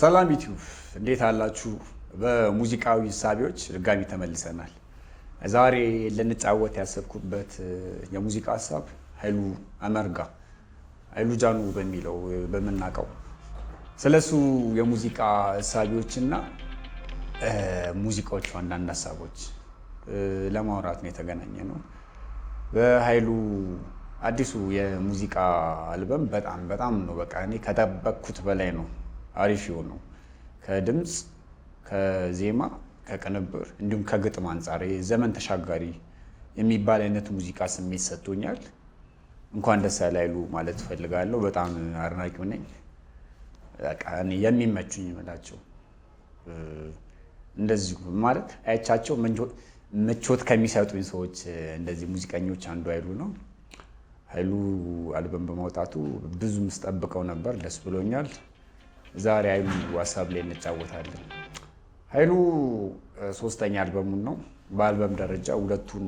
ሰላም ዩቲዩብ እንዴት አላችሁ? በሙዚቃዊ ሳቢዎች ድጋሚ ተመልሰናል። ዛሬ ልንጫወት ያሰብኩበት የሙዚቃ ሀሳብ ኃይሉ አመርጋ ኃይሉ ጃኑ በሚለው በምናውቀው ስለሱ የሙዚቃ እሳቤዎችና ሙዚቃዎቹ አንዳንድ ሀሳቦች ለማውራት ነው የተገናኘ ነው። በኃይሉ አዲሱ የሙዚቃ አልበም በጣም በጣም ነው በቃ እኔ ከጠበቅኩት በላይ ነው አሪፍ የሆነው ከድምፅ ከዜማ ከቅንብር እንዲሁም ከግጥም አንጻር ዘመን ተሻጋሪ የሚባል አይነት ሙዚቃ ስሜት ሰጥቶኛል። እንኳን ደስ ያላይሉ ማለት እፈልጋለሁ። በጣም አድናቂው ነኝ። የሚመቹኝ ይመላቸው እንደዚሁ ማለት አያቻቸው ምቾት ከሚሰጡኝ ሰዎች እንደዚህ ሙዚቀኞች አንዱ ኃይሉ ነው። ሀይሉ አልበም በማውጣቱ ብዙ ምስጠብቀው ነበር። ደስ ብሎኛል። ዛሬ ሀይሉ ዋሳብ ላይ እንጫወታለን። ኃይሉ ሶስተኛ አልበሙን ነው። በአልበም ደረጃ ሁለቱን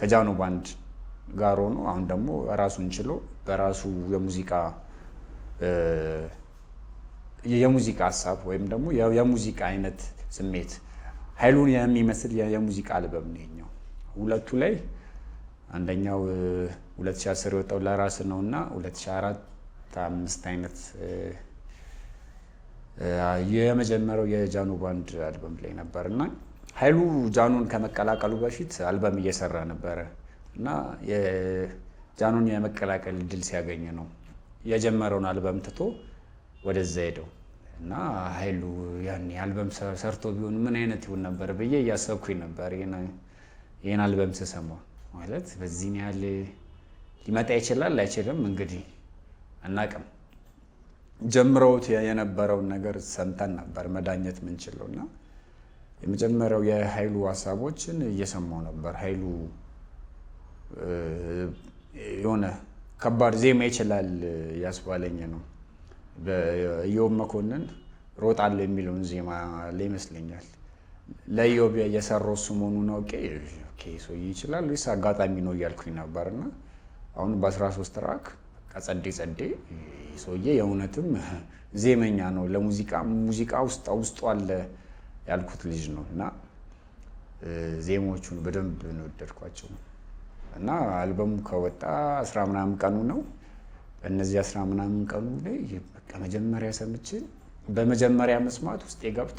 ከጃኖ ባንድ ጋር ሆኖ አሁን ደግሞ ራሱን ችሎ በራሱ የሙዚቃ የሙዚቃ ሀሳብ ወይም ደግሞ የሙዚቃ አይነት ስሜት ኃይሉን የሚመስል የሙዚቃ አልበም ነው ይኸኛው። ሁለቱ ላይ አንደኛው 2010 የወጣው ለራስ ነው እና 2004 አምስት አይነት የመጀመሪያው የጃኖ ባንድ አልበም ላይ ነበር እና ኃይሉ ጃኖን ከመቀላቀሉ በፊት አልበም እየሰራ ነበረ እና ጃኖን የመቀላቀል እድል ሲያገኝ ነው የጀመረውን አልበም ትቶ ወደዛ ሄደው እና ኃይሉ ያኔ አልበም ሰርቶ ቢሆን ምን አይነት ይሆን ነበር ብዬ እያሰብኩኝ ነበር። ይህን አልበም ስሰማ ማለት በዚህን ያህል ሊመጣ ይችላል አይችልም እንግዲህ አናቅም። ጀምረውት የነበረውን ነገር ሰምተን ነበር መዳኘት ምንችለው እና የመጀመሪያው የኃይሉ ሀሳቦችን እየሰማው ነበር። ኃይሉ የሆነ ከባድ ዜማ ይችላል ያስባለኝ ነው። በኢዮብ መኮንን ሮጣለሁ የሚለውን ዜማ ላይ ይመስለኛል ለኢዮብ የሰራው እሱ መሆኑን አውቄ ሰውዬ ይችላል ወይስ አጋጣሚ ነው እያልኩኝ ነበር እና አሁን በ13 ትራክ ጸዴ ጸዴ ሰውዬ የእውነትም ዜመኛ ነው። ለሙዚቃ ሙዚቃ ውስጥ ውስጡ አለ ያልኩት ልጅ ነው እና ዜሞቹን በደንብ እንወደድኳቸው እና አልበሙ ከወጣ አስራ ምናምን ቀኑ ነው። በእነዚህ አስራ ምናምን ቀኑ ላይ መጀመሪያ ሰምቼ በመጀመሪያ መስማት ውስጤ ገብቶ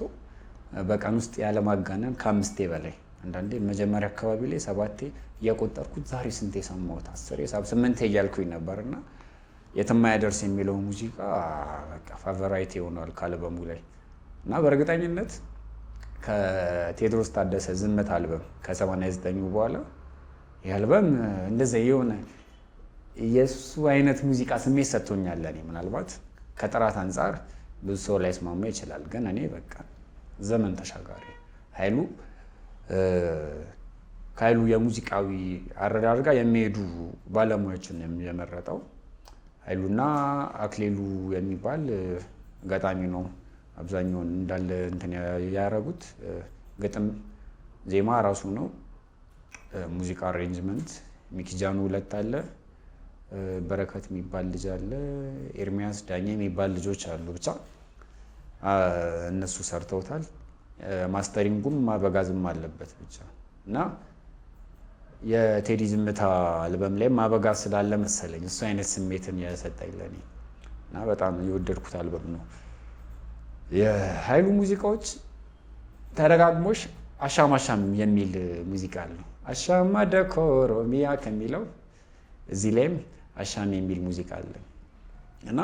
በቀን ውስጥ ያለማጋነን ከአምስቴ በላይ አንዳንዴ መጀመሪያ አካባቢ ላይ ሰባቴ እያቆጠርኩት ዛሬ ስንቴ የሰማሁት አስር ስምንቴ እያልኩኝ ነበር እና የትም የሚለው ሙዚቃ ፋቨራይት ይሆናል ከአልበሙ ላይ እና በእርግጠኝነት ከቴዎድሮስ ታደሰ ዝምት አልበም ከ89 በኋላ ይህ አልበም እንደዚ የሆነ የእሱ አይነት ሙዚቃ ስሜት ሰጥቶኛል። እኔ ምናልባት ከጥራት አንጻር ብዙ ሰው ላይ ስማማ ይችላል፣ ግን እኔ በቃ ዘመን ተሻጋሪ ኃይሉ ከኃይሉ የሙዚቃዊ አረዳድ ጋር የሚሄዱ ባለሙያዎችን የመረጠው ኃይሉና አክሌሉ የሚባል ገጣሚ ነው። አብዛኛውን እንዳለ እንትን ያደረጉት ግጥም፣ ዜማ ራሱ ነው። ሙዚቃ አሬንጅመንት ሚኪጃኑ ሁለት አለ። በረከት የሚባል ልጅ አለ። ኤርሚያስ ዳኛ የሚባል ልጆች አሉ። ብቻ እነሱ ሰርተውታል። ማስተሪንጉም አበጋዝም አለበት ብቻ እና የቴዲ ዝምታ አልበም ላይ ማበጋ ስላለ መሰለኝ እሱ አይነት ስሜትን የሰጠኝ ለእኔ እና በጣም የወደድኩት አልበም ነው። የሀይሉ ሙዚቃዎች ተደጋግሞሽ አሻም አሻም የሚል ሙዚቃ አለ። አሻማ ደኮሮሚያ ከሚለው እዚህ ላይም አሻም የሚል ሙዚቃ አለ እና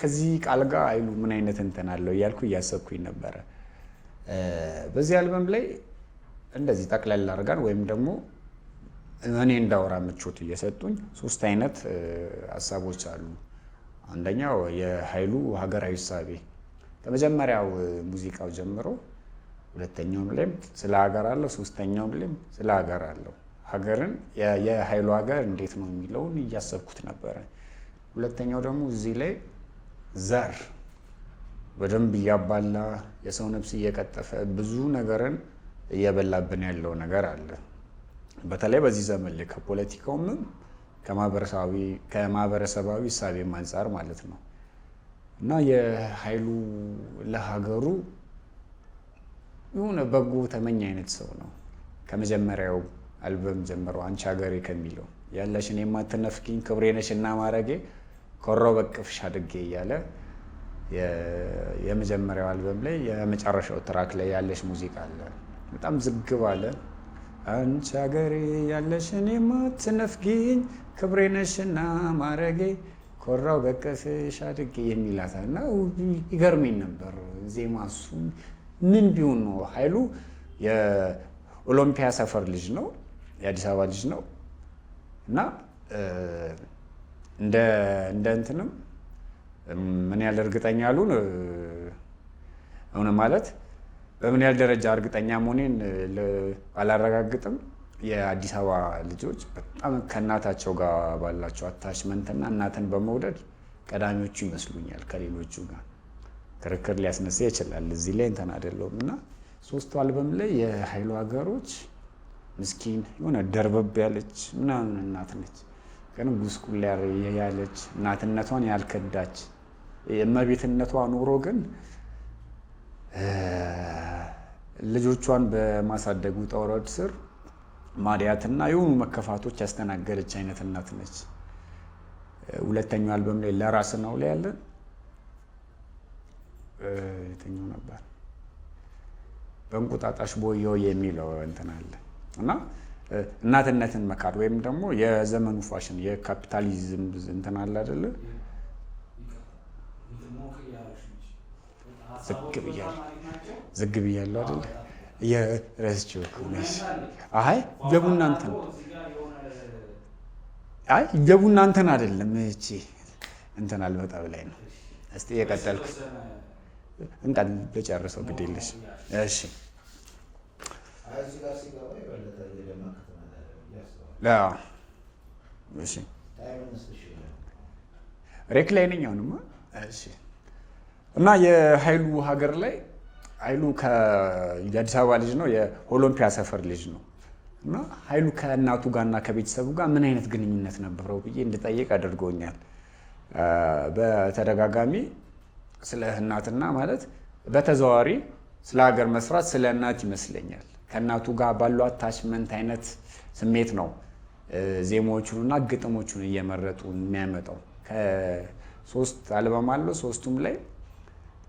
ከዚህ ቃል ጋር ሀይሉ ምን አይነት እንትን አለው እያልኩ እያሰብኩኝ ነበረ። በዚህ አልበም ላይ እንደዚህ ጠቅላላ አድርጋን ወይም ደግሞ እኔ እንዳወራ ምቾት እየሰጡኝ ሶስት አይነት ሀሳቦች አሉ። አንደኛው የሀይሉ ሀገራዊ እሳቤ ከመጀመሪያው ሙዚቃው ጀምሮ ሁለተኛውም ላይም ስለ ሀገር አለው፣ ሶስተኛውም ላይም ስለ ሀገር አለው። ሀገርን የሀይሉ ሀገር እንዴት ነው የሚለውን እያሰብኩት ነበረ። ሁለተኛው ደግሞ እዚህ ላይ ዘር በደንብ እያባላ የሰው ነፍስ እየቀጠፈ ብዙ ነገርን እየበላብን ያለው ነገር አለ። በተለይ በዚህ ዘመን ላይ ከፖለቲካውም ከማህበረሰባዊ እሳቤም አንጻር ማለት ነው እና የኃይሉ ለሀገሩ የሆነ በጎ ተመኝ አይነት ሰው ነው። ከመጀመሪያው አልበም ጀምሮ አንቺ ሀገሬ ከሚለው ያለሽን የማትነፍኪኝ ክብሬ ነሽ እና ማረጌ ኮሮ በቅፍሽ አድጌ እያለ የመጀመሪያው አልበም ላይ የመጨረሻው ትራክ ላይ ያለሽ ሙዚቃ አለ። በጣም ዝግብ አለ። አንቺ አገሬ ያለሽን የማትነፍጊኝ ክብሬ ነሽና ማረጌ ኮራው በቀፍሽ አድጌ የሚላታ እና ይገርመኝ ነበር ዜማ። እሱ ምን ቢሆን ነው ኃይሉ የኦሎምፒያ ሰፈር ልጅ ነው፣ የአዲስ አበባ ልጅ ነው እና እንደ እንትንም ምን ያለ እርግጠኛ አሉን እውነ ማለት በምን ያህል ደረጃ እርግጠኛ መሆኔን አላረጋግጥም። የአዲስ አበባ ልጆች በጣም ከእናታቸው ጋር ባላቸው አታችመንትና እናትን በመውደድ ቀዳሚዎቹ ይመስሉኛል ከሌሎቹ ጋር ክርክር ሊያስነሳ ይችላል። እዚህ ላይ እንትን አይደለሁም እና ሶስቱ አልበም ላይ የሀይሉ ሀገሮች ምስኪን የሆነ ደርበብ ያለች ምናምን እናት ነች፣ ግን ጉስቁል ያለች እናትነቷን ያልከዳች እመቤትነቷ ኑሮ ግን ልጆቿን በማሳደጉ ጠውረድ ስር ማዲያትና የሆኑ መከፋቶች ያስተናገደች አይነት እናት ነች። ሁለተኛው አልበም ላይ ለራስ ነው ላይ ያለ የትኛው ነበር? በእንቁጣጣሽ ቦየው የሚለው እንትን አለ እና እናትነትን መካድ ወይም ደግሞ የዘመኑ ፋሽን የካፒታሊዝም እንትን አለ አይደለ ዝግ ብያለሁ፣ ዝግ ብያለሁ አይደለ? የረስችው ነሽ። አይ ጀቡና እንትን አይ ጀቡና እንትን አይደለም። እቺ እንትን አልበጣ ብላይ ነው። እስቲ የቀጠልኩ እንቃል ልጨርሰው። ግድ የለሽ እሺ። እሺ ሬክ ላይ ነኝ አሁንማ። እሺ እና የሀይሉ ሀገር ላይ ሀይሉ የአዲስ አበባ ልጅ ነው፣ የኦሎምፒያ ሰፈር ልጅ ነው። እና ሀይሉ ከእናቱ ጋርና ከቤተሰቡ ጋር ምን አይነት ግንኙነት ነበረው ብዬ እንድጠይቅ አድርጎኛል። በተደጋጋሚ ስለ እናትና ማለት በተዘዋዋሪ ስለ ሀገር መስራት ስለ እናት ይመስለኛል። ከእናቱ ጋር ባለው አታችመንት አይነት ስሜት ነው ዜማዎቹንና ግጥሞቹን እየመረጡ የሚያመጣው። ከሶስት አልበም አለው። ሶስቱም ላይ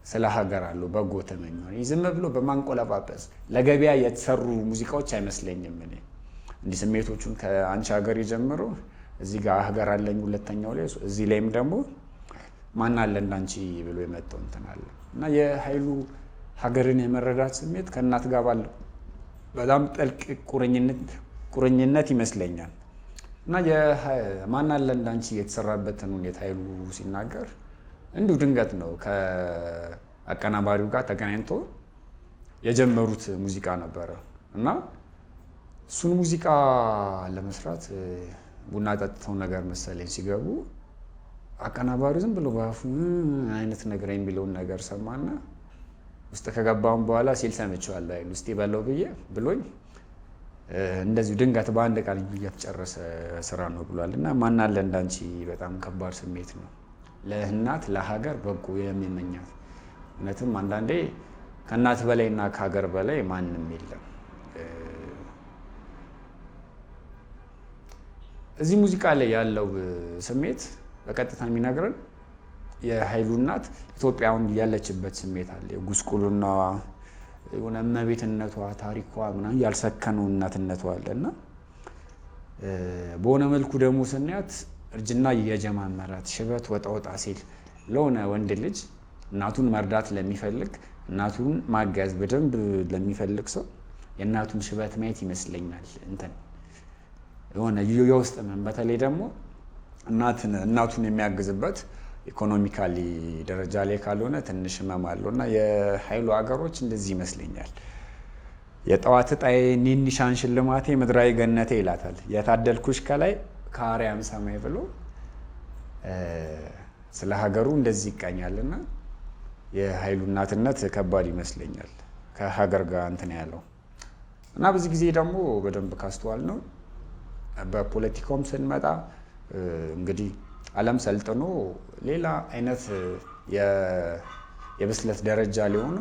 ስለ ሀገር አሉ በጎ ተመኝ ሆነ ዝም ብሎ በማንቆለጳጰስ ለገበያ የተሰሩ ሙዚቃዎች አይመስለኝም። እኔ እንዲህ ስሜቶቹን ከአንቺ ሀገር የጀምሮ እዚህ ጋር ሀገር አለኝ ሁለተኛው ላይ እዚህ ላይም ደግሞ ማን አለ እንዳንቺ ብሎ የመጣው እንትን አለ እና የሀይሉ ሀገርን የመረዳት ስሜት ከእናት ጋር ባለ በጣም ጥልቅ ቁርኝነት ይመስለኛል እና ማን አለ እንዳንቺ የተሰራበትን ሁኔታ ሀይሉ ሲናገር እንዲሁ ድንገት ነው ከአቀናባሪው ጋር ተገናኝቶ የጀመሩት ሙዚቃ ነበረ እና እሱን ሙዚቃ ለመስራት ቡና ጠጥተው ነገር መሰለኝ ሲገቡ አቀናባሪ ዝም ብሎ በአፉ አይነት ነገር የሚለውን ነገር ሰማና ውስጥ ከገባም በኋላ ሲል ሰምቼዋለሁ አይደል ውስጥ በለው ብዬ ብሎኝ እንደዚሁ ድንገት በአንድ ቃል እየተጨረሰ ስራ ነው ብሏል። እና ማናለ እንዳንቺ በጣም ከባድ ስሜት ነው። ለእናት ለሀገር በጎ የሚመኛት እውነትም አንዳንዴ ከእናት በላይና ከሀገር በላይ ማንም የለም። እዚህ ሙዚቃ ላይ ያለው ስሜት በቀጥታ የሚነግረን የሀይሉ እናት ኢትዮጵያውን ያለችበት ስሜት አለ። የጉስቁልናዋ የሆነ እመቤትነቷ፣ ታሪኳ ምናምን ያልሰከነው እናትነቷ አለ እና በሆነ መልኩ ደግሞ ስናያት እርጅና እየጀማመራት ሽበት ወጣ ሲል ለሆነ ወንድ ልጅ እናቱን መርዳት ለሚፈልግ እናቱን ማገዝ በደንብ ለሚፈልግ ሰው የእናቱን ሽበት ማየት ይመስለኛል እንትን የሆነ የውስጥ ምን በተለይ ደግሞ እናቱን የሚያግዝበት ኢኮኖሚካሊ ደረጃ ላይ ካልሆነ ትንሽ ህመም አለው እና የሀይሉ ሀገሮች እንደዚህ ይመስለኛል። የጠዋት ዕጣዬ ኒኒሻን ሽልማቴ ምድራዊ ገነቴ ይላታል። የታደልኩሽ ከላይ ከአርያም ሰማይ ብሎ ስለ ሀገሩ እንደዚህ እና የሀይሉ እናትነት ከባድ ይመስለኛል። ከሀገር ጋር እንትን ያለው እና ብዙ ጊዜ ደግሞ በደንብ ካስተዋል ነው በፖለቲካውም ስንመጣ እንግዲህ ዓለም ሰልጥኖ ሌላ አይነት የብስለት ደረጃ ሊሆኑ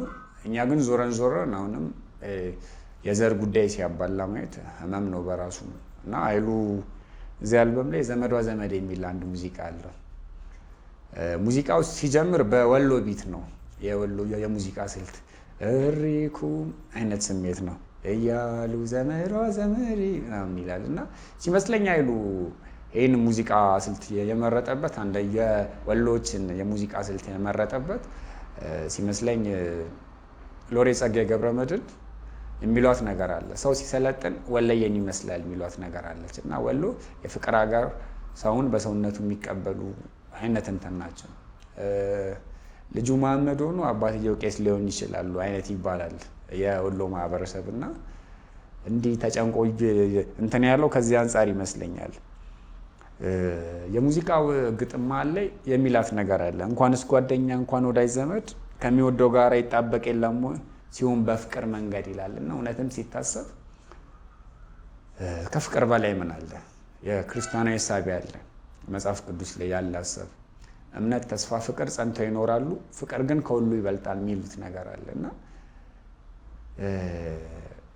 እኛ ግን ዞረን ዞረን አሁንም የዘር ጉዳይ ሲያባላ ማየት ህመም ነው በራሱ እና ኃይሉ እዚህ አልበም ላይ ዘመዷ ዘመድ የሚል አንድ ሙዚቃ አለ። ሙዚቃው ሲጀምር በወሎ ቢት ነው። የወሎ የሙዚቃ ስልት እሪኩም አይነት ስሜት ነው እያሉ ዘመዷ ዘመድ ምናምን ይላል እና ሲመስለኝ አይሉ ይህን ሙዚቃ ስልት የመረጠበት አንደ የወሎችን የሙዚቃ ስልት የመረጠበት ሲመስለኝ ሎሬ ጸጋዬ መድን። የሚሏት ነገር አለ። ሰው ሲሰለጥን ወለየን ይመስላል የሚሏት ነገር አለች እና ወሎ የፍቅር ሀገር፣ ሰውን በሰውነቱ የሚቀበሉ አይነት እንትን ናቸው። ልጁ መሀመድ ሆኖ አባትየው ቄስ ሊሆን ይችላሉ አይነት ይባላል የወሎ ማህበረሰብ እና እንዲህ ተጨንቆ እንትን ያለው ከዚህ አንጻር ይመስለኛል። የሙዚቃው ግጥም አለ የሚላት ነገር አለ። እንኳንስ ጓደኛ እንኳን ወዳጅ ዘመድ ከሚወደው ጋር ይጣበቅ የለም ሲሆን በፍቅር መንገድ ይላል እና እውነትም ሲታሰብ ከፍቅር በላይ ምን አለ? የክርስቲያናዊ ሳቢ አለ መጽሐፍ ቅዱስ ላይ ያለ ሀሳብ እምነት፣ ተስፋ፣ ፍቅር ጸንተው ይኖራሉ፣ ፍቅር ግን ከሁሉ ይበልጣል የሚሉት ነገር አለ እና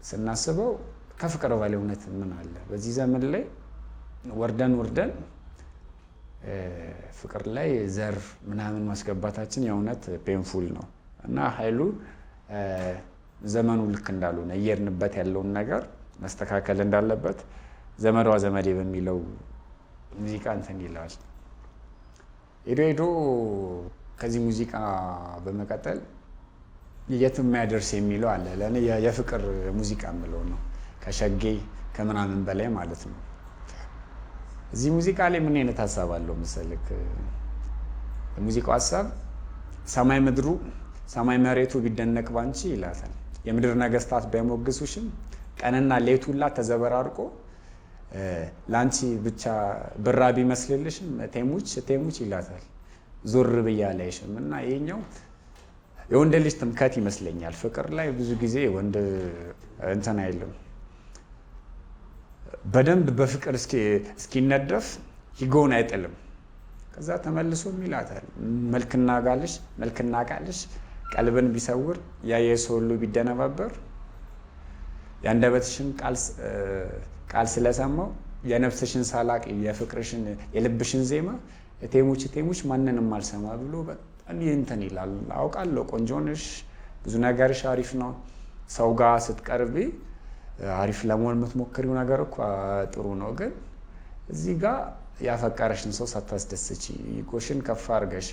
ስናስበው ከፍቅር በላይ እውነት ምን አለ? በዚህ ዘመን ላይ ወርደን ወርደን ፍቅር ላይ ዘር ምናምን ማስገባታችን የእውነት ፔንፉል ነው እና ኃይሉ ዘመኑ ልክ እንዳልሆነ እየሄድንበት ያለውን ነገር መስተካከል እንዳለበት ዘመዷ ዘመዴ በሚለው ሙዚቃ እንትን ይለዋል። ሄዶ ሄዶ ከዚህ ሙዚቃ በመቀጠል የት የማያደርስ የሚለው አለ። ለእኔ የፍቅር ሙዚቃ የምለው ነው፣ ከሸጌ ከምናምን በላይ ማለት ነው። እዚህ ሙዚቃ ላይ ምን አይነት ሀሳብ አለው መሰልክ? የሙዚቃው ሀሳብ ሰማይ ምድሩ ሰማይ መሬቱ ቢደነቅ ባንቺ ይላታል። የምድር ነገስታት ባይሞግሱሽም ቀንና ሌቱላ ተዘበራርቆ ላንቺ ብቻ ብራ ቢመስልልሽም ቴሙች ቴሙች ይላታል። ዞር ብዬ አላይሽም እና ይሄኛው የወንድ ልጅ ትምከት ይመስለኛል። ፍቅር ላይ ብዙ ጊዜ ወንድ እንትን አይልም። በደንብ በፍቅር እስኪነደፍ ሂጎን አይጥልም። ከዛ ተመልሶም ይላታል መልክና ጋልሽ መልክና ጋልሽ ቀልብን ቢሰውር ያየ ሰው ሁሉ ቢደነባበር የአንደበትሽን ቃል ስለሰማው የነፍስሽን ሳላቅ የፍቅርሽን የልብሽን ዜማ እቴሙች እቴሞች ማንንም አልሰማ ብሎ በጣም እንትን ይላል። አውቃለሁ ቆንጆ ነሽ፣ ብዙ ነገርሽ አሪፍ ነው። ሰው ጋር ስትቀርቢ አሪፍ ለመሆን የምትሞክሪው ነገር እኮ ጥሩ ነው። ግን እዚህ ጋር ያፈቀረሽን ሰው ሳታስደስች ጎሽን ከፍ አድርገሽ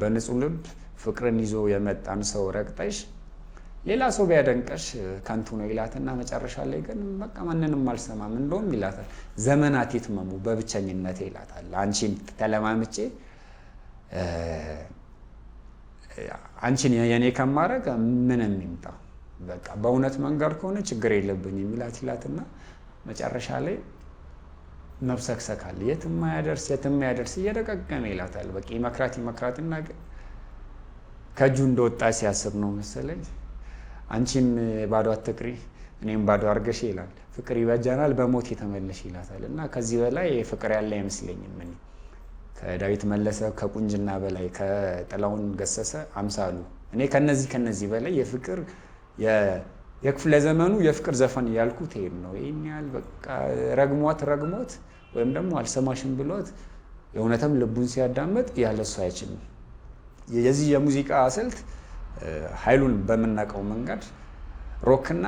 በንጹህ ልብ ፍቅርን ይዞ የመጣን ሰው ረግጠሽ ሌላ ሰው ቢያደንቀሽ ከንቱ ነው ይላትና መጨረሻ ላይ ግን በቃ ማንንም አልሰማም እንደውም ይላታል። ዘመናት የትመሙ በብቸኝነት ይላታል። አንቺን ተለማምጬ አንቺን የኔ ከማድረግ ምንም ይምጣ በቃ በእውነት መንገድ ከሆነ ችግር የለብኝ የሚላት ይላትና መጨረሻ ላይ መብሰክሰካል። የትም ያደርስ የትም ያደርስ እየደቀቀመ ይላታል። በቃ ይመክራት ይመክራትና ግን ከእጁ እንደወጣ ሲያስብ ነው መሰለኝ። አንቺን ባዶ አትቅሪ እኔም ባዶ አርገሽ ይላል። ፍቅር ይበጃናል በሞት የተመለሽ ይላታል። እና ከዚህ በላይ ፍቅር ያለ አይመስለኝም። እኔ ከዳዊት መለሰ ከቁንጅና በላይ ከጥላውን ገሰሰ አምሳሉ እኔ ከነዚህ ከነዚህ በላይ የፍቅር የክፍለ ዘመኑ የፍቅር ዘፈን እያልኩት ይሄም ነው። ይህን ያህል በቃ ረግሟት ረግሞት ወይም ደግሞ አልሰማሽም ብሎት የእውነትም ልቡን ሲያዳምጥ ያለሱ አይችልም። የዚህ የሙዚቃ ስልት ኃይሉን በምናውቀው መንገድ ሮክና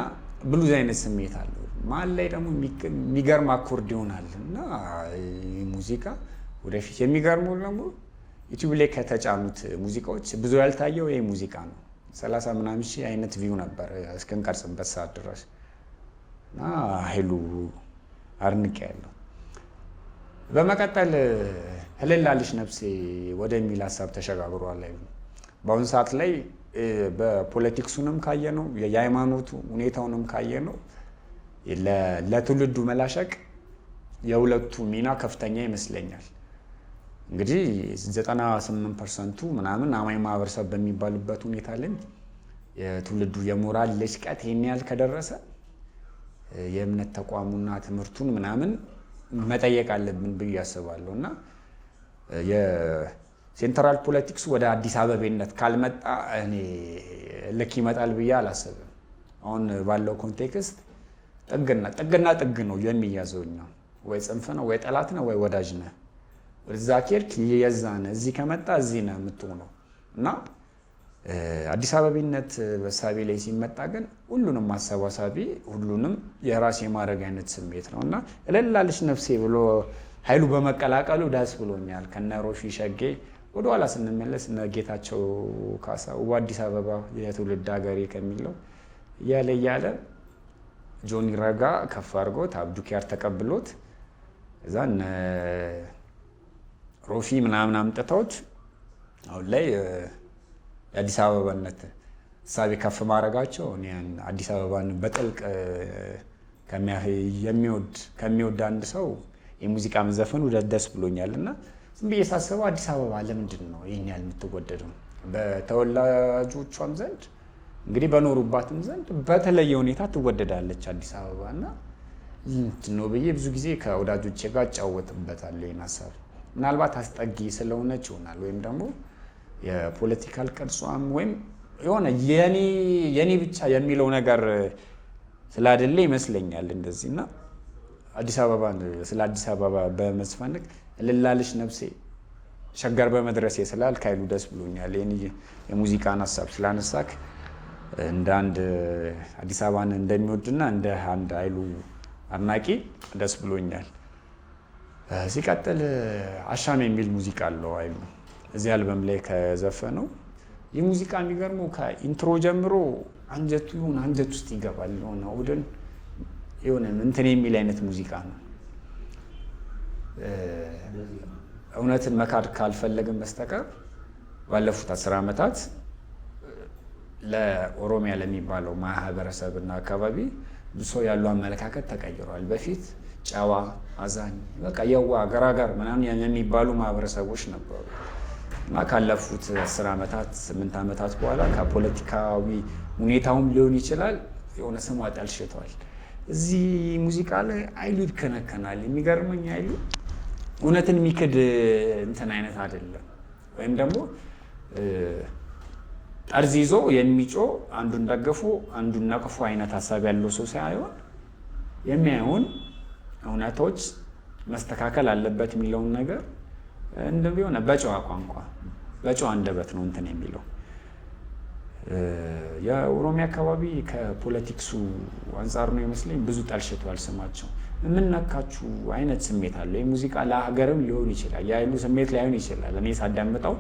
ብሉዝ አይነት ስሜት አለ። መሀል ላይ ደግሞ የሚገርም አኮርድ ይሆናል እና ሙዚቃ ወደፊት የሚገርመው ደግሞ ዩቲዩብ ላይ ከተጫኑት ሙዚቃዎች ብዙ ያልታየው ይህ ሙዚቃ ነው። ሰላሳ ምናምን ሺህ አይነት ቪው ነበር እስክንቀርጽበት ሰዓት ድረስ እና ኃይሉ አድንቄ ያለው በመቀጠል ህልላለች ነፍሴ ወደሚል ሀሳብ ተሸጋግሯል። ላይ በአሁኑ ሰዓት ላይ በፖለቲክሱንም ካየ ነው የሃይማኖቱ ሁኔታውንም ካየ ነው ለትውልዱ መላሸቅ የሁለቱ ሚና ከፍተኛ ይመስለኛል። እንግዲህ 98 ፐርሰንቱ ምናምን አማኝ ማህበረሰብ በሚባልበት ሁኔታ ላይ የትውልዱ የሞራል ልጭቀት ይህን ያህል ከደረሰ የእምነት ተቋሙና ትምህርቱን ምናምን መጠየቅ አለብን ብዬ አስባለሁ እና የሴንትራል ፖለቲክስ ወደ አዲስ አበቤነት ካልመጣ እኔ ልክ ይመጣል ብዬ አላስብም። አሁን ባለው ኮንቴክስት ጥግና ጥግና ጥግ ነው የሚያዘው። እኛ ወይ ጽንፍ ነው ወይ ጠላት ነው ወይ ወዳጅ ነ እዛ ኬርክ የዛ እዚህ ከመጣ እዚህ ነህ የምትሆነው እና አዲስ አበቤነት በሳቢ ላይ ሲመጣ ግን ሁሉንም አሰባሳቢ ሁሉንም የራሴ ማድረግ አይነት ስሜት ነው እና እልላለች ነፍሴ ብሎ ኃይሉ በመቀላቀሉ ደስ ብሎኛል። ከነ ሮፊ ሸጌ ወደኋላ ስንመለስ እነ ጌታቸው ካሳ ውብ አዲስ አበባ የትውልድ ሀገሬ ከሚለው እያለ እያለ ጆኒ ረጋ ከፍ አድርጎት አብዱኪያር ተቀብሎት እዛ እነ ሮፊ ምናምን አምጥተውት አሁን ላይ የአዲስ አበባነት እሳቤ ከፍ ማድረጋቸው አዲስ አበባን በጥልቅ የሚወድ ከሚወድ አንድ ሰው የሙዚቃ መዘፈኑ ደስ ብሎኛል እና ዝም ብዬ ሳስበው አዲስ አበባ ለምንድን ነው ይህን ያህል የምትወደደው? በተወላጆቿም ዘንድ እንግዲህ በኖሩባትም ዘንድ በተለየ ሁኔታ ትወደዳለች አዲስ አበባ እና ምንድን ነው ብዬ ብዙ ጊዜ ከወዳጆቼ ጋር እጫወትበታለሁ ይህን ሀሳብ። ምናልባት አስጠጊ ስለሆነች ይሆናል ወይም ደግሞ የፖለቲካል ቅርጿም ወይም የሆነ የኔ ብቻ የሚለው ነገር ስላደለ ይመስለኛል እንደዚህ እና አዲስ አበባ ስለ አዲስ አበባ በመስፈንቅ ልላልሽ ነፍሴ ሸገር በመድረሴ ስላል ካይሉ ደስ ብሎኛል። ይህን የሙዚቃን ሀሳብ ስላነሳክ እንደ አንድ አዲስ አበባን እንደሚወድና እንደ አንድ ኃይሉ አድናቂ ደስ ብሎኛል። ሲቀጥል አሻም የሚል ሙዚቃ አለው ኃይሉ እዚህ አልበም ላይ ከዘፈነው። ይህ ሙዚቃ የሚገርመው ከኢንትሮ ጀምሮ አንጀቱ ይሁን አንጀት ውስጥ ይገባል የሆነ የሆነ እንትን የሚል አይነት ሙዚቃ ነው። እውነትን መካድ ካልፈለግን በስተቀር ባለፉት አስር ዓመታት ለኦሮሚያ ለሚባለው ማህበረሰብና አካባቢ ብሶ ሰው አመለካከት ተቀይረዋል። በፊት ጨዋ፣ አዛኝ፣ በቃ የዋ ገራገር ምናምን የሚባሉ ማህበረሰቦች ነበሩ እና ካለፉት አስር ዓመታት ስምንት ዓመታት በኋላ ከፖለቲካዊ ሁኔታውም ሊሆን ይችላል የሆነ ስሙ ሽተዋል። እዚህ ሙዚቃ ላይ አይሉ ይከነከናል። የሚገርመኝ አይሉ እውነትን የሚክድ እንትን አይነት አይደለም፣ ወይም ደግሞ ጠርዝ ይዞ የሚጮ አንዱን ደግፎ አንዱን ነቅፎ አይነት ሀሳብ ያለው ሰው ሳይሆን የሚያየውን እውነቶች መስተካከል አለበት የሚለውን ነገር እንደው በጨዋ ቋንቋ በጨዋ አንደበት ነው እንትን የሚለው የኦሮሚያ አካባቢ ከፖለቲክሱ አንጻር ነው ይመስለኝ ብዙ ጠልሽቷል ስማቸው የምነካችሁ አይነት ስሜት አለ። ሙዚቃ ለሀገርም ሊሆን ይችላል የአይኑ ስሜት ላይሆን ይችላል። እኔ ሳዳምጠው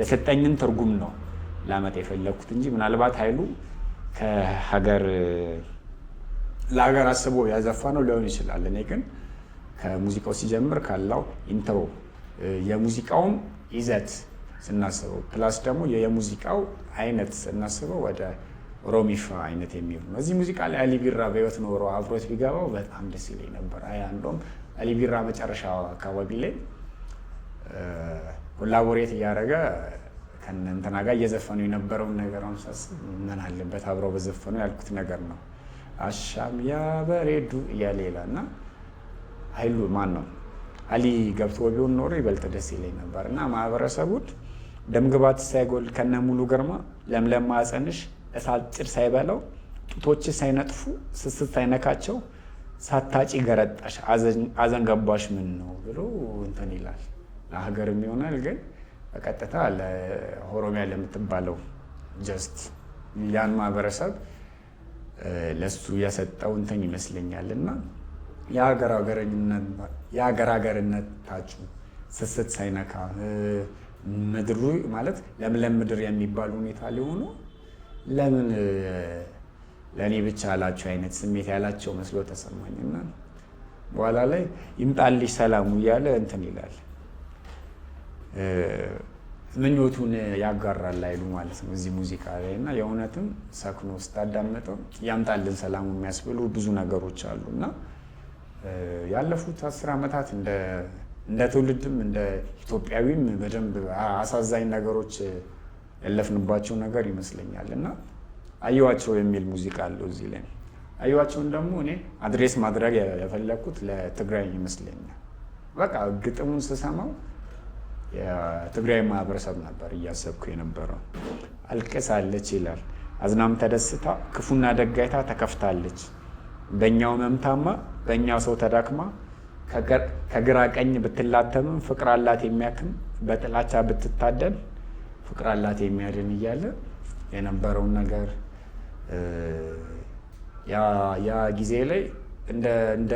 የሰጠኝን ትርጉም ነው ላመጣ የፈለግኩት እንጂ ምናልባት ኃይሉ ከሀገር ለሀገር አስቦ ያዘፋ ነው ሊሆን ይችላል። እኔ ግን ከሙዚቃው ሲጀምር ካለው ኢንትሮ የሙዚቃውም ይዘት ስናስበው ፕላስ ደግሞ የሙዚቃው አይነት ስናስበው ወደ ሮሚፋ አይነት የሚሉ ነው። እዚህ ሙዚቃ ላይ አሊቢራ በህይወት ኖሮ አብሮት ቢገባው በጣም ደስ ይለኝ ነበር። አይ አንዶም አሊቢራ መጨረሻ አካባቢ ላይ ኮላቦሬት እያደረገ ከእንትና ጋር እየዘፈኑ የነበረውን ነገር አሁን ሳስብ ምን አለበት አብረው በዘፈኑ ያልኩት ነገር ነው። አሻም ያበሬዱ እያሌላ እና ሀይሉ ማን ነው አሊ ገብቶ ቢሆን ኖሮ ይበልጥ ደስ ይለኝ ነበር እና ማህበረሰቡን ደምግባት ሳይጎል ከነ ሙሉ ግርማ ለምለም ማህፀንሽ እሳት ጭድ ሳይበላው ጡቶች ሳይነጥፉ ስስት ሳይነካቸው ሳታጪ ገረጣሽ አዘንገባሽ ምን ነው ብሎ እንትን ይላል። ለሀገርም ይሆናል ግን በቀጥታ ለኦሮሚያ ለምትባለው ጀስት ያን ማህበረሰብ ለሱ ያሰጠው እንትን ይመስለኛል እና የሀገር ታጩ ስስት ሳይነካ ምድሩ ማለት ለምለም ምድር የሚባል ሁኔታ ሊሆኑ ለምን ለእኔ ብቻ አላቸው አይነት ስሜት ያላቸው መስሎ ተሰማኝና በኋላ ላይ ይምጣልሽ ሰላሙ እያለ እንትን ይላል ምኞቱን ያጋራል አይሉ ማለት ነው እዚህ ሙዚቃ ላይ እና የእውነትም ሰክኖ ስታዳመጠው ያምጣልን ሰላሙ የሚያስብሉ ብዙ ነገሮች አሉ እና ያለፉት አስር ዓመታት እንደ እንደ ትውልድም እንደ ኢትዮጵያዊም በደንብ አሳዛኝ ነገሮች ያለፍንባቸው ነገር ይመስለኛል እና አየዋቸው የሚል ሙዚቃ አለው እዚህ ላይ። አየዋቸውን ደግሞ እኔ አድሬስ ማድረግ የፈለግኩት ለትግራይ ይመስለኛል። በቃ ግጥሙን ስሰማው የትግራይ ማህበረሰብ ነበር እያሰብኩ የነበረው። አልቅሳለች ይላል፣ አዝናም ተደስታ፣ ክፉና ደጋይታ ተከፍታለች፣ በእኛው መምታማ፣ በእኛ ሰው ተዳክማ ከግራ ቀኝ ብትላተምም ፍቅር አላት የሚያክም፣ በጥላቻ ብትታደል ፍቅር አላት የሚያድን እያለ የነበረውን ነገር ያ ጊዜ ላይ እንደ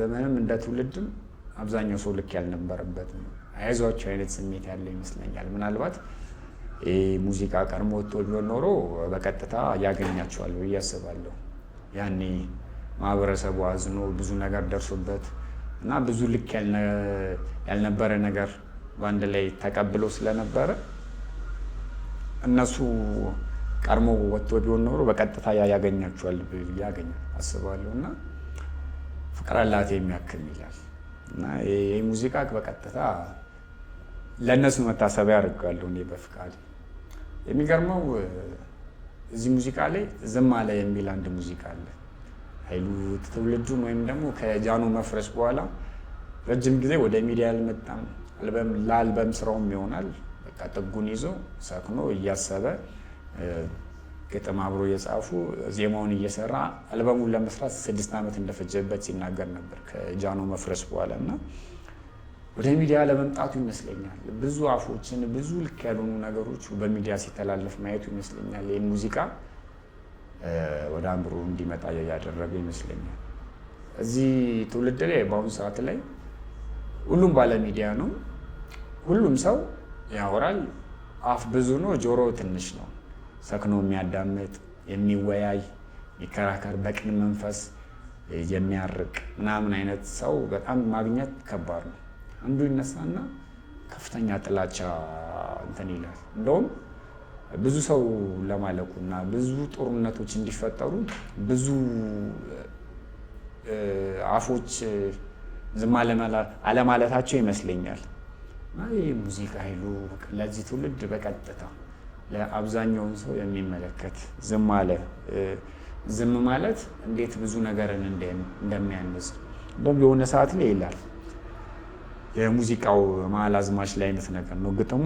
ዘመንም እንደ ትውልድም አብዛኛው ሰው ልክ ያልነበረበት አይዟቸው አይነት ስሜት ያለው ይመስለኛል። ምናልባት ሙዚቃ ቀድሞ ወጥቶ ቢሆን ኖሮ በቀጥታ ያገኛቸዋል ብዬ አስባለሁ። ያኔ ማህበረሰቡ አዝኖ ብዙ ነገር ደርሶበት እና ብዙ ልክ ያልነበረ ነገር በአንድ ላይ ተቀብሎ ስለነበረ እነሱ ቀድሞ ወጥቶ ቢሆን ኖሮ በቀጥታ ያገኛቸዋል ብዬ አስባለሁ። እና ፍቅር አላት የሚያክል ይላል እና ይህ ሙዚቃ በቀጥታ ለእነሱ መታሰቢያ አድርጋለሁ እኔ በፍቃድ። የሚገርመው እዚህ ሙዚቃ ላይ ዝም አለ የሚል አንድ ሙዚቃ አለ። ኃይሉ ትውልዱም ወይም ደግሞ ከጃኖ መፍረስ በኋላ ረጅም ጊዜ ወደ ሚዲያ አልመጣም። ለአልበም ስራውም ይሆናል በቃ ጥጉን ይዞ ሰክኖ እያሰበ ግጥም አብሮ እየጻፉ ዜማውን እየሰራ አልበሙን ለመስራት ስድስት ዓመት እንደፈጀበት ሲናገር ነበር ከጃኖ መፍረስ በኋላ እና ወደ ሚዲያ ለመምጣቱ ይመስለኛል ብዙ አፎችን ብዙ ልክ ያልሆኑ ነገሮች በሚዲያ ሲተላለፍ ማየቱ ይመስለኛል ይህን ሙዚቃ ወደ አእምሮ እንዲመጣ እያደረገ ይመስለኛል። እዚህ ትውልድ ላይ በአሁኑ ሰዓት ላይ ሁሉም ባለሚዲያ ነው። ሁሉም ሰው ያወራል። አፍ ብዙ ነው፣ ጆሮ ትንሽ ነው። ሰክኖ የሚያዳምጥ የሚወያይ፣ የሚከራከር፣ በቅን መንፈስ የሚያርቅ ምናምን አይነት ሰው በጣም ማግኘት ከባድ ነው። አንዱ ይነሳና ከፍተኛ ጥላቻ እንትን ይላል እንደውም ብዙ ሰው ለማለቁ እና ብዙ ጦርነቶች እንዲፈጠሩ ብዙ አፎች ዝም አለማለታቸው ይመስለኛል። ይህ ሙዚቃ ኃይሉ ለዚህ ትውልድ በቀጥታ ለአብዛኛውን ሰው የሚመለከት ዝም አለ። ዝም ማለት እንዴት ብዙ ነገርን እንደሚያንጽ እንደውም የሆነ ሰዓት ላይ ይላል የሙዚቃው መሀል አዝማች ላይ አይነት ነገር ነው ግጥሙ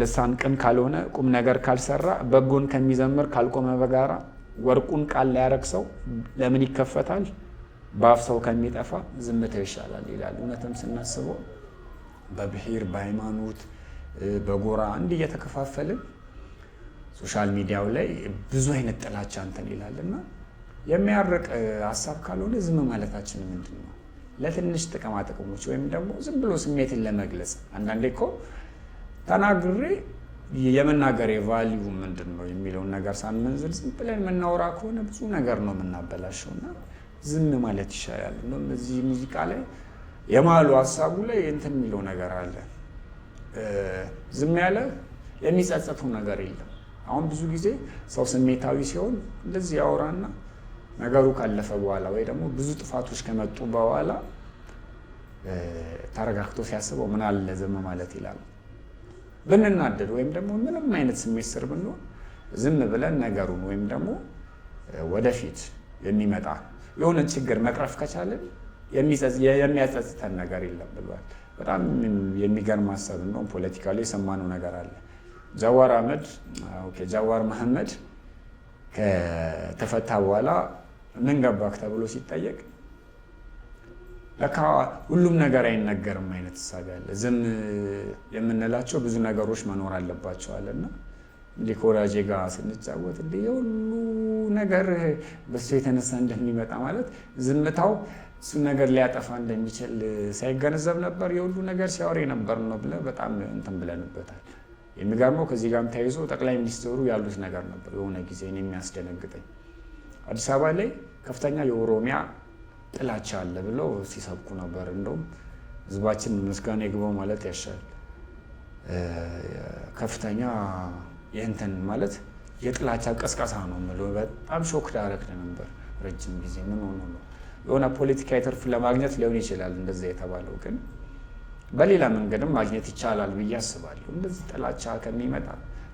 ልሳን ቅን ካልሆነ ቁም ነገር ካልሰራ በጎን ከሚዘምር ካልቆመ በጋራ ወርቁን ቃል ላያረግ ሰው ለምን ይከፈታል? በአፍ ሰው ከሚጠፋ ዝምታው ይሻላል ይላል። እውነትም ስናስበው በብሔር በሃይማኖት በጎራ እንዲህ እየተከፋፈልን ሶሻል ሚዲያው ላይ ብዙ አይነት ጥላቻ እንትን ይላል እና የሚያርቅ ሀሳብ ካልሆነ ዝም ማለታችን ምንድን ነው? ለትንሽ ጥቅማ ጥቅሞች ወይም ደግሞ ዝም ብሎ ስሜትን ለመግለጽ አንዳንዴ እኮ ተናግሬ የመናገር ቫሊዩ ምንድን ነው የሚለውን ነገር ሳንመንዝር ዝም ብለን የምናወራ ከሆነ ብዙ ነገር ነው የምናበላሸው እና ዝም ማለት ይሻላል። እንደውም እዚህ ሙዚቃ ላይ የማሉ ሀሳቡ ላይ እንትን የሚለው ነገር አለ። ዝም ያለ የሚጸጸተው ነገር የለም። አሁን ብዙ ጊዜ ሰው ስሜታዊ ሲሆን እንደዚህ ያወራና ነገሩ ካለፈ በኋላ ወይ ደግሞ ብዙ ጥፋቶች ከመጡ በኋላ ተረጋግቶ ሲያስበው ምን አለ ዝም ማለት ይላል። ብንናደድ ወይም ደግሞ ምንም አይነት ስሜት ስር ብንሆን ዝም ብለን ነገሩን ወይም ደግሞ ወደፊት የሚመጣ የሆነ ችግር መቅረፍ ከቻለን የሚያጸጽተን ነገር የለም ብሏል። በጣም የሚገርም ሀሳብ ነው። ፖለቲካ ላይ የሰማነው ነገር አለ። ጃዋር አህመድ ጃዋር መሐመድ ከተፈታ በኋላ ምን ገባክ ተብሎ ሲጠየቅ ለካ ሁሉም ነገር አይነገርም አይነት እሳቤ አለ። ዝም የምንላቸው ብዙ ነገሮች መኖር አለባቸዋልና እንዲህ ከወዳጄ ጋር ስንጫወት እንዲህ የሁሉ ነገር በሱ የተነሳ እንደሚመጣ ማለት ዝምታው እሱን ነገር ሊያጠፋ እንደሚችል ሳይገነዘብ ነበር የሁሉ ነገር ሲያወር ነበር ነው ብለ በጣም እንትን ብለንበታል። የሚገርመው ከዚህ ጋርም ተያይዞ ጠቅላይ ሚኒስትሩ ያሉት ነገር ነበር የሆነ ጊዜ የሚያስደነግጠኝ አዲስ አበባ ላይ ከፍተኛ የኦሮሚያ ጥላቻ አለ ብለው ሲሰብኩ ነበር። እንደውም ህዝባችን ምስጋና ይግባው ማለት ያሻል። ከፍተኛ የእንትን ማለት የጥላቻ ቀስቀሳ ነው የምልህ። በጣም ሾክ ዳረግ ነበር ረጅም ጊዜ። ምን ሆኖ ነው የሆነ ፖለቲካ ትርፍ ለማግኘት ሊሆን ይችላል እንደዚ የተባለው፣ ግን በሌላ መንገድም ማግኘት ይቻላል ብዬ አስባለሁ። እንደዚህ ጥላቻ ከሚመጣ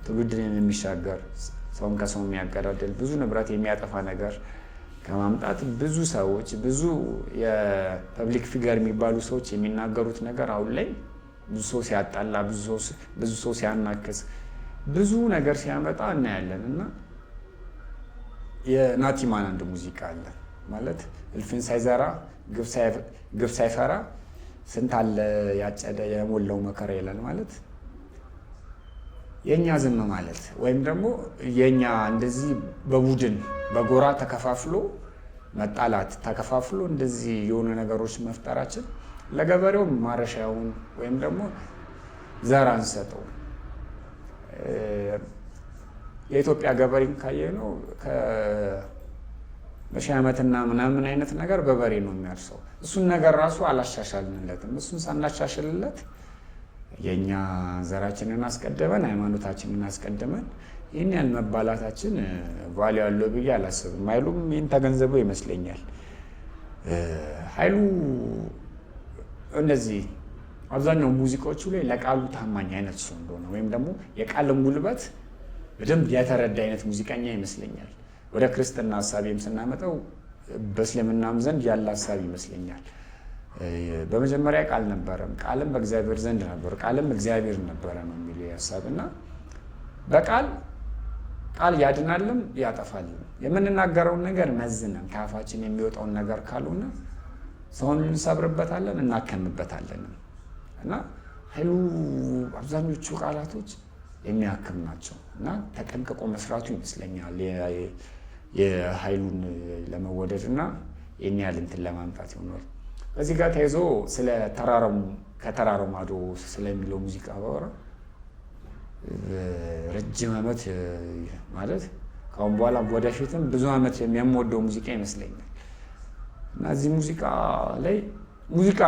ትውልድን የሚሻገር ሰውን ከሰው የሚያገዳደል ብዙ ንብረት የሚያጠፋ ነገር ከማምጣት ብዙ ሰዎች ብዙ የፐብሊክ ፊገር የሚባሉ ሰዎች የሚናገሩት ነገር አሁን ላይ ብዙ ሰው ሲያጣላ፣ ብዙ ሰው ሲያናክስ፣ ብዙ ነገር ሲያመጣ እናያለን እና የናቲማን አንድ ሙዚቃ አለ ማለት እልፍን ሳይዘራ ግብ ሳይፈራ ስንት አለ ያጨደ የሞላው መከራ ይላል ማለት የእኛ ዝም ማለት ወይም ደግሞ የእኛ እንደዚህ በቡድን በጎራ ተከፋፍሎ መጣላት ተከፋፍሎ እንደዚህ የሆኑ ነገሮች መፍጠራችን ለገበሬው ማረሻውን ወይም ደግሞ ዘር አንሰጠው። የኢትዮጵያ ገበሬን ካየ ነው ከሺ ዓመትና ምናምን አይነት ነገር በበሬ ነው የሚያርሰው። እሱን ነገር ራሱ አላሻሻልንለትም። እሱን ሳናሻሽልለት የእኛ ዘራችንን አስቀደመን ሃይማኖታችንን አስቀደመን ይህን ያህል መባላታችን ቫሉ ያለው ብዬ አላስብም። ኃይሉም ይህን ተገንዘበው ይመስለኛል። ሀይሉ እነዚህ አብዛኛው ሙዚቃዎቹ ላይ ለቃሉ ታማኝ አይነት ሰው እንደሆነ ወይም ደግሞ የቃልን ጉልበት በደንብ የተረዳ አይነት ሙዚቀኛ ይመስለኛል። ወደ ክርስትና ሀሳቤም ስናመጣው በእስልምናም ዘንድ ያለ ሀሳብ ይመስለኛል። በመጀመሪያ ቃል ነበረም፣ ቃልም በእግዚአብሔር ዘንድ ነበር፣ ቃልም እግዚአብሔር ነበረ ነው የሚል ሀሳብ በቃል ቃል ያድናልም ያጠፋልም። የምንናገረውን ነገር መዝነን ከአፋችን የሚወጣውን ነገር ካልሆነ ሰውን እንሰብርበታለን እናከምበታለን እና ኃይሉ አብዛኞቹ ቃላቶች የሚያክም ናቸው እና ተጠንቅቆ መስራቱ ይመስለኛል የኃይሉን ለመወደድ እና ይህን ያህል እንትን ለማምጣት ይሆናል። እዚህ ጋር ተይዞ ስለ ከተራራው ማዶ ስለሚለው ሙዚቃ ባወራ ረጅም ዓመት ማለት ከአሁን በኋላ ወደፊትም ብዙ ዓመት የሚያምወደው ሙዚቃ ይመስለኛል እና እዚህ ሙዚቃ ላይ ሙዚቃ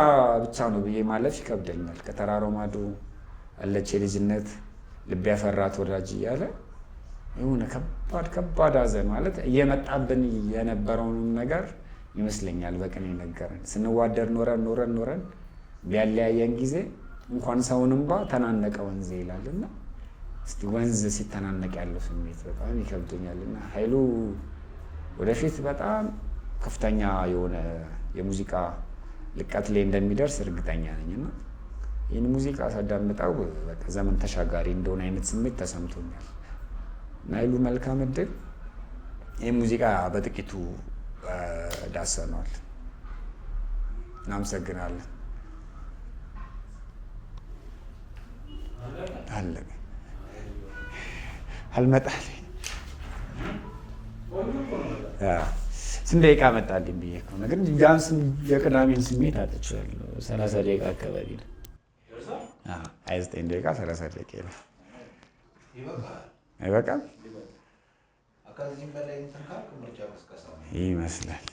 ብቻ ነው ብዬ ማለፍ ይከብደኛል። ከተራራው ማዶ አለች የልጅነት ልብ ያፈራት ወዳጅ እያለ የሆነ ከባድ ከባድ ሀዘን ማለት እየመጣብን የነበረውን ነገር ይመስለኛል በቀን የነገረን። ስንዋደር ኖረን ኖረን ኖረን ቢያለያየን ጊዜ እንኳን ሰውን እንባ ተናነቀ ወንዝ ይላል እና እስቲ ወንዝ ሲተናነቅ ያለው ስሜት በጣም ይከብደኛል እና ኃይሉ ወደፊት በጣም ከፍተኛ የሆነ የሙዚቃ ልቀት ላይ እንደሚደርስ እርግጠኛ ነኝ እና ይህን ሙዚቃ ሳዳምጠው በቃ ዘመን ተሻጋሪ እንደሆነ አይነት ስሜት ተሰምቶኛል። ናይሉ መልካም እድል። ይህ ሙዚቃ በጥቂቱ ዳሰነዋል። እናመሰግናለን። አለ አልመጣል ስንት ደቂቃ መጣልኝ ብዬ ከሆነ ግን ቢያንስ የቅዳሜን ስሜት አጥቼዋለሁ። ሰላሳ ደቂቃ አካባቢ ነው። ሀያ ዘጠኝ ደቂቃ ሰላሳ ደቂቃ ይበቃል። ይመስላል።